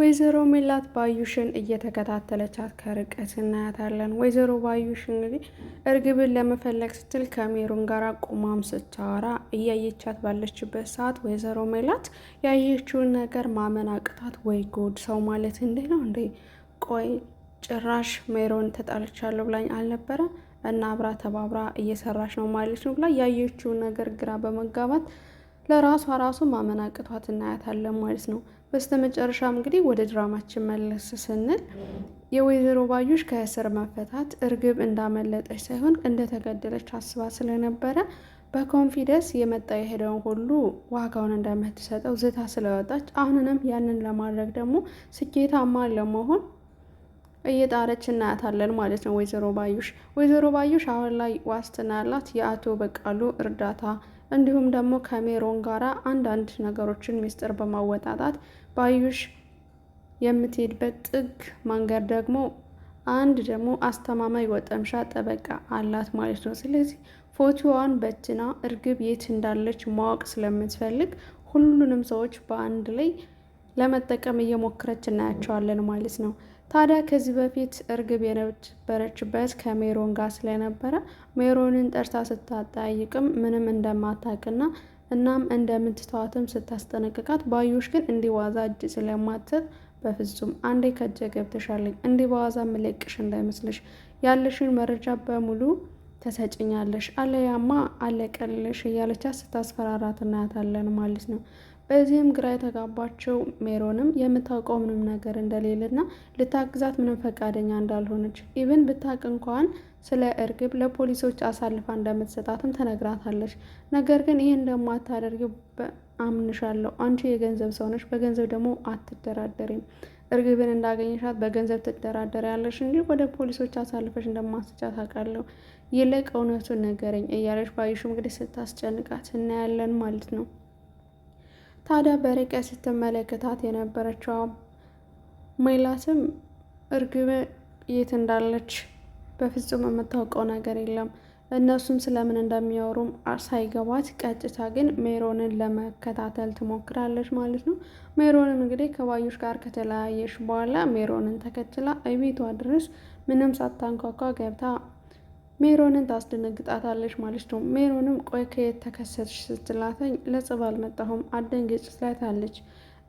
ወይዘሮ ሜላት ባዩሽን እየተከታተለቻት ከርቀት እናያታለን። ወይዘሮ ባዩሽ እንግዲህ እርግብን ለመፈለግ ስትል ከሜሮን ጋር ቁማም ስታወራ እያየቻት ባለችበት ሰዓት ወይዘሮ ሜላት ያየችውን ነገር ማመን አቅታት፣ ወይ ጉድ ሰው ማለት እንዴ ነው እንዴ? ቆይ ጭራሽ ሜሮን ተጣልቻለሁ ብላኝ አልነበረ እና አብራ ተባብራ እየሰራች ነው ማለት ነው ብላ ያየችውን ነገር ግራ በመጋባት ለራሷ ራሱ ማመን አቅቷት እናያታለን ማለት ነው። በስተመጨረሻም እንግዲህ ወደ ድራማችን መለስ ስንል የወይዘሮ ባዩሽ ከእስር መፈታት እርግብ እንዳመለጠች ሳይሆን እንደተገደለች አስባ ስለነበረ በኮንፊደንስ የመጣ የሄደውን ሁሉ ዋጋውን እንደምትሰጠው ዝታ ስለወጣች አሁንንም ያንን ለማድረግ ደግሞ ስኬታማ ለመሆን እየጣረች እናያታለን ማለት ነው። ወይዘሮ ባዩሽ ወይዘሮ ባዩሽ አሁን ላይ ዋስትና ያላት የአቶ በቃሉ እርዳታ እንዲሁም ደግሞ ከሜሮን ጋራ አንዳንድ ነገሮችን ሚስጥር በማወጣጣት ባዩሽ የምትሄድበት ጥግ መንገድ ደግሞ አንድ ደግሞ አስተማማኝ ወጠምሻ ጠበቃ አላት ማለት ነው። ስለዚህ ፎቶዋን በትና እርግብ የት እንዳለች ማወቅ ስለምትፈልግ ሁሉንም ሰዎች በአንድ ላይ ለመጠቀም እየሞከረች እናያቸዋለን ማለት ነው። ታዲያ ከዚህ በፊት እርግብ የነበረችበት ከሜሮን ጋር ስለነበረ ሜሮንን ጠርታ ስታጠያይቅም ምንም እንደማታውቅና እናም እንደምትተዋትም ስታስጠነቅቃት፣ ባዩሽ ግን እንዲህ ዋዛ እጅ ስለማትሰጥ በፍጹም አንዴ ከእጄ ገብተሻለኝ፣ እንዲህ በዋዛ ምለቅሽ እንዳይመስልሽ፣ ያለሽን መረጃ በሙሉ ተሰጭኛለሽ፣ አለያማ አለቀልሽ እያለቻት ስታስፈራራት እናያታለን ማለት ነው። በዚህም ግራ የተጋባቸው ሜሮንም የምታውቀው ምንም ነገር እንደሌለና ልታግዛት ምንም ፈቃደኛ እንዳልሆነች ኢብን ብታቅ እንኳን ስለ እርግብ ለፖሊሶች አሳልፋ እንደምትሰጣትም ተነግራታለች። ነገር ግን ይህ እንደማታደርግ አምንሻለሁ። አንቺ የገንዘብ ሰው ነሽ፣ በገንዘብ ደግሞ አትደራደሪም። እርግብን እንዳገኘሻት በገንዘብ ያለሽ እንጂ ወደ ፖሊሶች አሳልፈሽ እንደማስጫት አውቃለሁ። ይልቅ እውነቱን ነገረኝ እያለች ባዩሽም እንግዲህ ስታስጨንቃት እናያለን ማለት ነው። ታዲያ በርቀት ስትመለከታት የነበረችው ሜላትም እርግብ የት እንዳለች በፍጹም የምታውቀው ነገር የለም። እነሱም ስለምን እንደሚያወሩም ሳይገባት ቀጥታ ግን ሜሮንን ለመከታተል ትሞክራለች ማለት ነው። ሜሮን እንግዲህ ከባዮች ጋር ከተለያየች በኋላ ሜሮንን ተከትላ እቤቷ ድረስ ምንም ሳታንኳኳ ገብታ ሜሮንን ታስደነግጣታለች ማለት ነው። ሜሮንም ቆይ ከየት ተከሰትሽ ስትላተኝ ለጸብ አልመጣሁም አደንግጭ ስላታለች።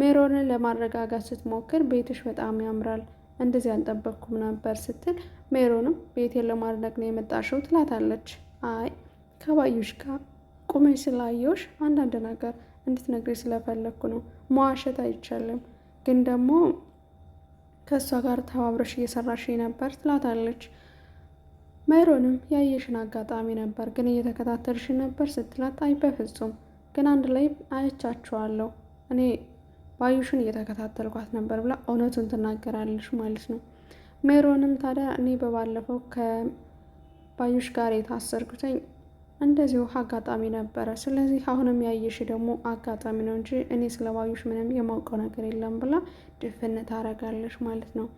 ሜሮንን ለማረጋጋት ስትሞክር ቤትሽ በጣም ያምራል እንደዚህ አልጠበቅኩም ነበር ስትል ሜሮንም ቤቴን ለማድነቅ ነው የመጣሽው ትላታለች። አይ ከባዩሽ ጋር ቁመሽ ስላየሁሽ አንዳንድ ነገር እንድትነግሪ ስለፈለግኩ ነው። መዋሸት አይቻልም፣ ግን ደግሞ ከእሷ ጋር ተባብረሽ እየሰራሽ ነበር ትላታለች። መሮንም ያየሽን አጋጣሚ ነበር ግን እየተከታተልሽ ነበር ስትላት፣ አይ በፍጹም ግን አንድ ላይ አይቻችኋለሁ እኔ ባዩሽን እየተከታተልኳት ነበር ብላ እውነቱን ትናገራለች ማለት ነው። ሜሮንም ታዲያ እኔ በባለፈው ከባዩሽ ጋር የታሰርኩትኝ እንደዚሁ አጋጣሚ ነበረ። ስለዚህ አሁንም ያየሽ ደግሞ አጋጣሚ ነው እንጂ እኔ ስለ ባዩሽ ምንም የማውቀው ነገር የለም ብላ ድፍን ታረጋለች ማለት ነው።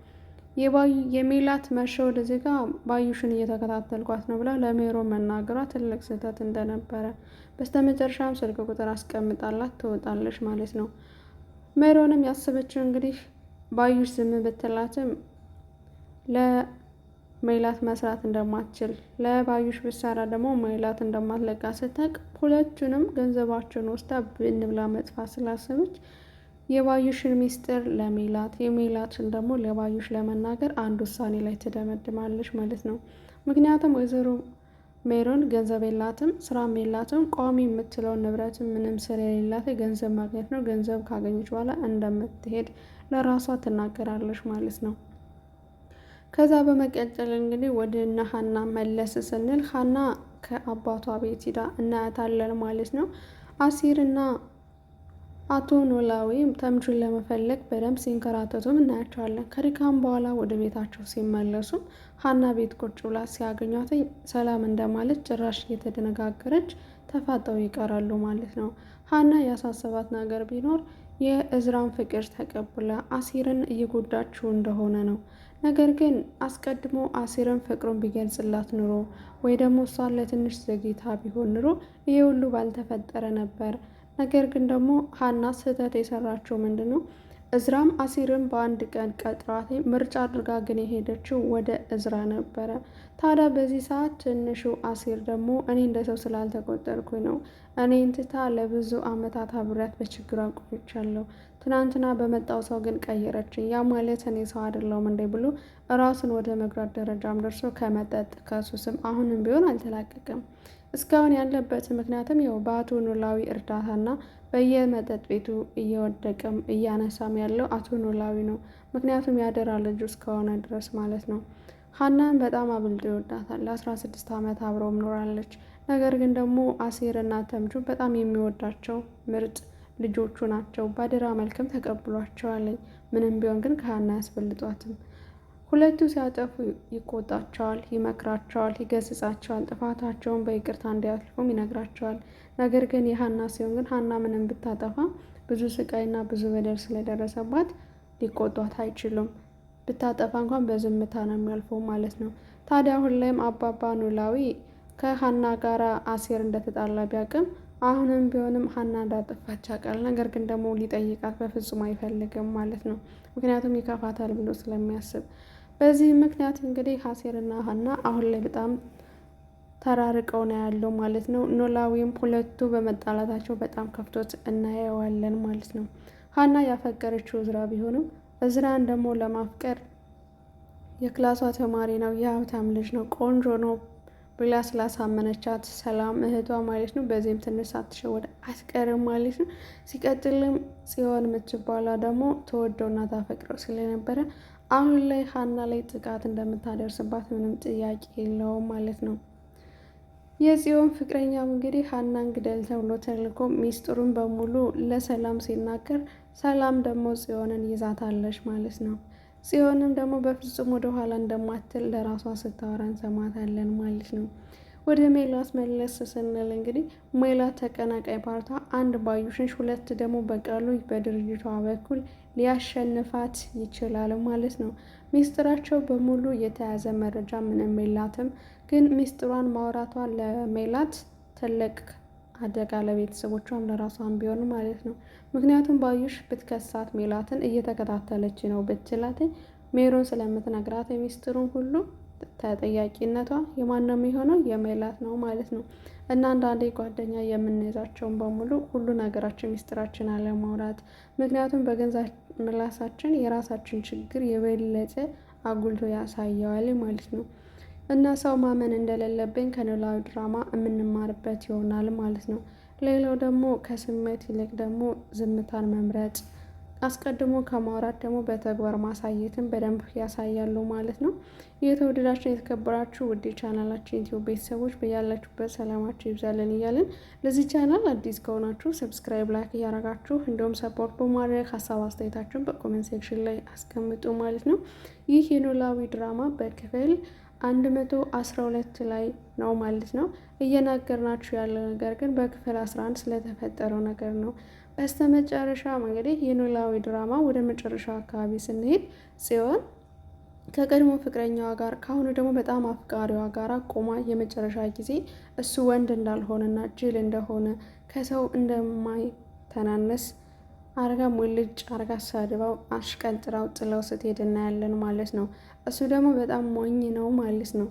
የሜላት መሸ ወደዚህ ጋ ባዩሽን እየተከታተልኳት ነው ብላ ለሜሮን መናገሯ ትልቅ ስህተት እንደነበረ በስተመጨረሻም ስልክ ቁጥር አስቀምጣላት ትወጣለች ማለት ነው። ሜሮንም ያሰበችው እንግዲህ ባዩሽ ዝም ብትላትም ለሜላት መስራት እንደማትችል ለባዩሽ ብሰራ ደግሞ ሜላት እንደማትለቃ ስታውቅ ሁለቱንም ገንዘባቸውን ወስዳ ብንብላ መጥፋት ስላሰበች የባዩሽን ሚስጥር ለሜላት የሜላትን ደግሞ ለባዩሽ ለመናገር አንድ ውሳኔ ላይ ትደመድማለች ማለት ነው። ምክንያቱም ወይዘሮ ሜሮን ገንዘብ የላትም፣ ስራም የላትም። ቋሚ የምትለው ንብረትም ምንም ስር የሌላት ገንዘብ ማግኘት ነው። ገንዘብ ካገኘች በኋላ እንደምትሄድ ለራሷ ትናገራለች ማለት ነው። ከዛ በመቀጠል እንግዲህ ወደ እነ ሀና መለስ ስንል ሀና ከአባቷ ቤት ሂዳ እናያታለን ማለት ነው። አሲርና አቶ ኖላዊ ተምቹን ለመፈለግ በደንብ ሲንከራተቱም እናያቸዋለን። ከድካም በኋላ ወደ ቤታቸው ሲመለሱም ሀና ቤት ቁጭ ብላ ሲያገኟት ሰላም እንደማለት ጭራሽ እየተደነጋገረች ተፋጠው ይቀራሉ ማለት ነው። ሀና ያሳሰባት ነገር ቢኖር የእዝራን ፍቅር ተቀብላ አሲርን እየጎዳችው እንደሆነ ነው። ነገር ግን አስቀድሞ አሲርን ፍቅሩን ቢገልጽላት ኑሮ ወይ ደግሞ እሷን ለትንሽ ዘግይታ ቢሆን ኑሮ ይሄ ሁሉ ባልተፈጠረ ነበር። ነገር ግን ደግሞ ሀና ስህተት የሰራችው ምንድን ነው? እዝራም አሲርን በአንድ ቀን ቀጥራት ምርጫ አድርጋ ግን የሄደችው ወደ እዝራ ነበረ። ታዲያ በዚህ ሰዓት ትንሹ አሲር ደግሞ እኔ እንደ ሰው ስላልተቆጠርኩኝ ነው፣ እኔን ትታ ለብዙ አመታት አብሬያት በችግሯ ቆይቻለሁ። ትናንትና በመጣው ሰው ግን ቀየረችኝ። ያ ማለት እኔ ሰው አይደለሁም እንዴ ብሎ ራሱን ወደ መግራት ደረጃም ደርሶ ከመጠጥ ከሱስም አሁንም ቢሆን አልተላቀቀም። እስካሁን ያለበት ምክንያትም ያው በአቶ ኖላዊ እርዳታና በየመጠጥ ቤቱ እየወደቀም እያነሳም ያለው አቶ ኖላዊ ነው። ምክንያቱም ያደራ ልጁ እስከሆነ ድረስ ማለት ነው። ሀናን በጣም አብልጦ ይወዳታል። ለአስራ ስድስት ዓመት አብረውም ኖራለች። ነገር ግን ደግሞ አሴርና ተምቹ በጣም የሚወዳቸው ምርጥ ልጆቹ ናቸው። ባደራ መልክም ተቀብሏቸዋለኝ። ምንም ቢሆን ግን ከሀና አያስበልጧትም። ሁለቱ ሲያጠፉ ይቆጣቸዋል፣ ይመክራቸዋል፣ ይገስጻቸዋል። ጥፋታቸውን በይቅርታ እንዲያልፉም ይነግራቸዋል። ነገር ግን የሀና ሲሆን ግን ሀና ምንም ብታጠፋ ብዙ ስቃይና ብዙ በደል ስለደረሰባት ሊቆጧት አይችሉም። ብታጠፋ እንኳን በዝምታ ነው የሚያልፈው ማለት ነው። ታዲያ አሁን ላይም አባባ ኖላዊ ከሀና ጋር አሴር እንደተጣላ ቢያቅም አሁንም ቢሆንም ሀና እንዳጠፋች ያውቃል። ነገር ግን ደግሞ ሊጠይቃት በፍጹም አይፈልግም ማለት ነው። ምክንያቱም ይከፋታል ብሎ ስለሚያስብ በዚህ ምክንያት እንግዲህ ሀሴርና ሀና አሁን ላይ በጣም ተራርቀው ነው ያለው ማለት ነው። ኖላዊም ሁለቱ በመጣላታቸው በጣም ከፍቶት እናየዋለን ማለት ነው። ሀና ያፈቀረችው እዝራ ቢሆንም እዝራን ደግሞ ለማፍቀር የክላሷ ተማሪ ነው፣ የሀብታም ልጅ ነው፣ ቆንጆ ነው ብላ ስላሳመነቻት ሰላም እህቷ ማለት ነው። በዚህም ትንሽ ሳትሸወድ አትቀርም ማለት ነው። ሲቀጥልም ጽዮን ምትባላ ደግሞ ተወደውና ታፈቅረው ስለነበረ አሁን ላይ ሀና ላይ ጥቃት እንደምታደርስባት ምንም ጥያቄ የለውም ማለት ነው። የጽዮን ፍቅረኛም እንግዲህ ሀናን ግደል ተብሎ ተልኮ ሚስጥሩን በሙሉ ለሰላም ሲናገር፣ ሰላም ደግሞ ጽዮንን ይዛታለች ማለት ነው። ጽዮንም ደግሞ በፍጹም ወደኋላ እንደማትል ለራሷ ስታወራ እንሰማታለን ማለት ነው። ወደ ሜላት መለስ ስንል እንግዲህ ሜላት ተቀናቃይ ፓርቷ አንድ ባዩሽንሽ፣ ሁለት ደግሞ በቀሉ በድርጅቷ በኩል ሊያሸንፋት ይችላል ማለት ነው። ሚስጥራቸው በሙሉ የተያዘ መረጃ ምንም የላትም። ግን ሚስጥሯን ማውራቷ ለሜላት ትልቅ አደጋ ለቤተሰቦቿም ለራሷን ቢሆን ማለት ነው። ምክንያቱም ባዩሽ ብትከሳት ሜላትን እየተከታተለች ነው ብትላትኝ ሜሮን ስለምትነግራት የሚስጥሩን ሁሉ ተጠያቂነቷ የማን ነው የሚሆነው? የሜላት ነው ማለት ነው። እና አንዳንዴ ጓደኛ የምንይዛቸውን በሙሉ ሁሉ ነገራችን ሚስጥራችን አለማውራት፣ ምክንያቱም በገንዛ ምላሳችን የራሳችን ችግር የበለጠ አጉልቶ ያሳየዋል ማለት ነው። እና ሰው ማመን እንደሌለብን ከኖላዊ ድራማ የምንማርበት ይሆናል ማለት ነው። ሌላው ደግሞ ከስሜት ይልቅ ደግሞ ዝምታን መምረጥ አስቀድሞ ከማውራት ደግሞ በተግባር ማሳየትን በደንብ ያሳያሉ ማለት ነው። የተወደዳችሁ የተከበራችሁ ውድ ቻናላችን ኢትዮ ቤተሰቦች በያላችሁበት ሰላማችሁ ይብዛልን እያልን ለዚህ ቻናል አዲስ ከሆናችሁ ሰብስክራይብ፣ ላይክ እያረጋችሁ እንዲሁም ሰፖርት በማድረግ ሀሳብ አስተያየታችሁን በኮሜንት ሴክሽን ላይ አስቀምጡ ማለት ነው። ይህ የኖላዊ ድራማ በክፍል አንድ መቶ አስራ ሁለት ላይ ነው ማለት ነው። እየናገርናችሁ ያለው ነገር ግን በክፍል አስራ አንድ ስለተፈጠረው ነገር ነው። በስተመጨረሻም እንግዲህ የኖላዊ ድራማ ወደ መጨረሻ አካባቢ ስንሄድ ጽዮን ከቀድሞ ፍቅረኛዋ ጋር ከአሁኑ ደግሞ በጣም አፍቃሪዋ ጋር ቆማ የመጨረሻ ጊዜ እሱ ወንድ እንዳልሆነና ጅል እንደሆነ ከሰው እንደማይተናነስ አርጋ ሙልጭ አርጋ ሳድባው አሽቀንጥራው ጥለው ስትሄድ እናያለን ማለት ነው። እሱ ደግሞ በጣም ሞኝ ነው ማለት ነው።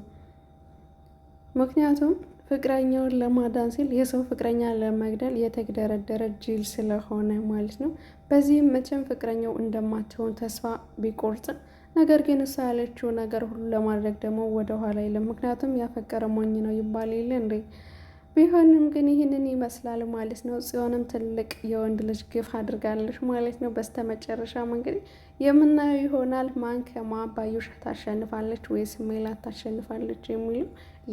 ምክንያቱም ፍቅረኛውን ለማዳን ሲል የሰው ፍቅረኛ ለመግደል የተግደረደረ ጅል ስለሆነ ማለት ነው። በዚህም መቼም ፍቅረኛው እንደማትሆን ተስፋ ቢቆርጥም ነገር ግን እሷ ያለችው ነገር ሁሉ ለማድረግ ደግሞ ወደኋላ የለም። ምክንያቱም ያፈቀረ ሞኝ ነው ይባል የለ እንዴ? ቢሆንም ግን ይህንን ይመስላል ማለት ነው። ጽዮንም ትልቅ የወንድ ልጅ ግፍ አድርጋለች ማለት ነው። በስተመጨረሻም እንግዲህ የምናየው ይሆናል ማን ከማ ባዩሽ ታሸንፋለች ወይስ ሜላት ታሸንፋለች የሚሉ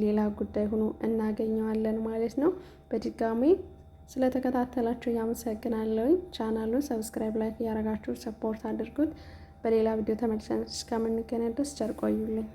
ሌላ ጉዳይ ሆኖ እናገኘዋለን ማለት ነው። በድጋሚ ስለተከታተላችሁ ያመሰግናለሁኝ። ቻናሉን ሰብስክራይብ፣ ላይክ እያረጋችሁ ሰፖርት አድርጉት። በሌላ ቪዲዮ ተመልሰን እስከምንገናኝ ድረስ ቸር ቆዩልኝ።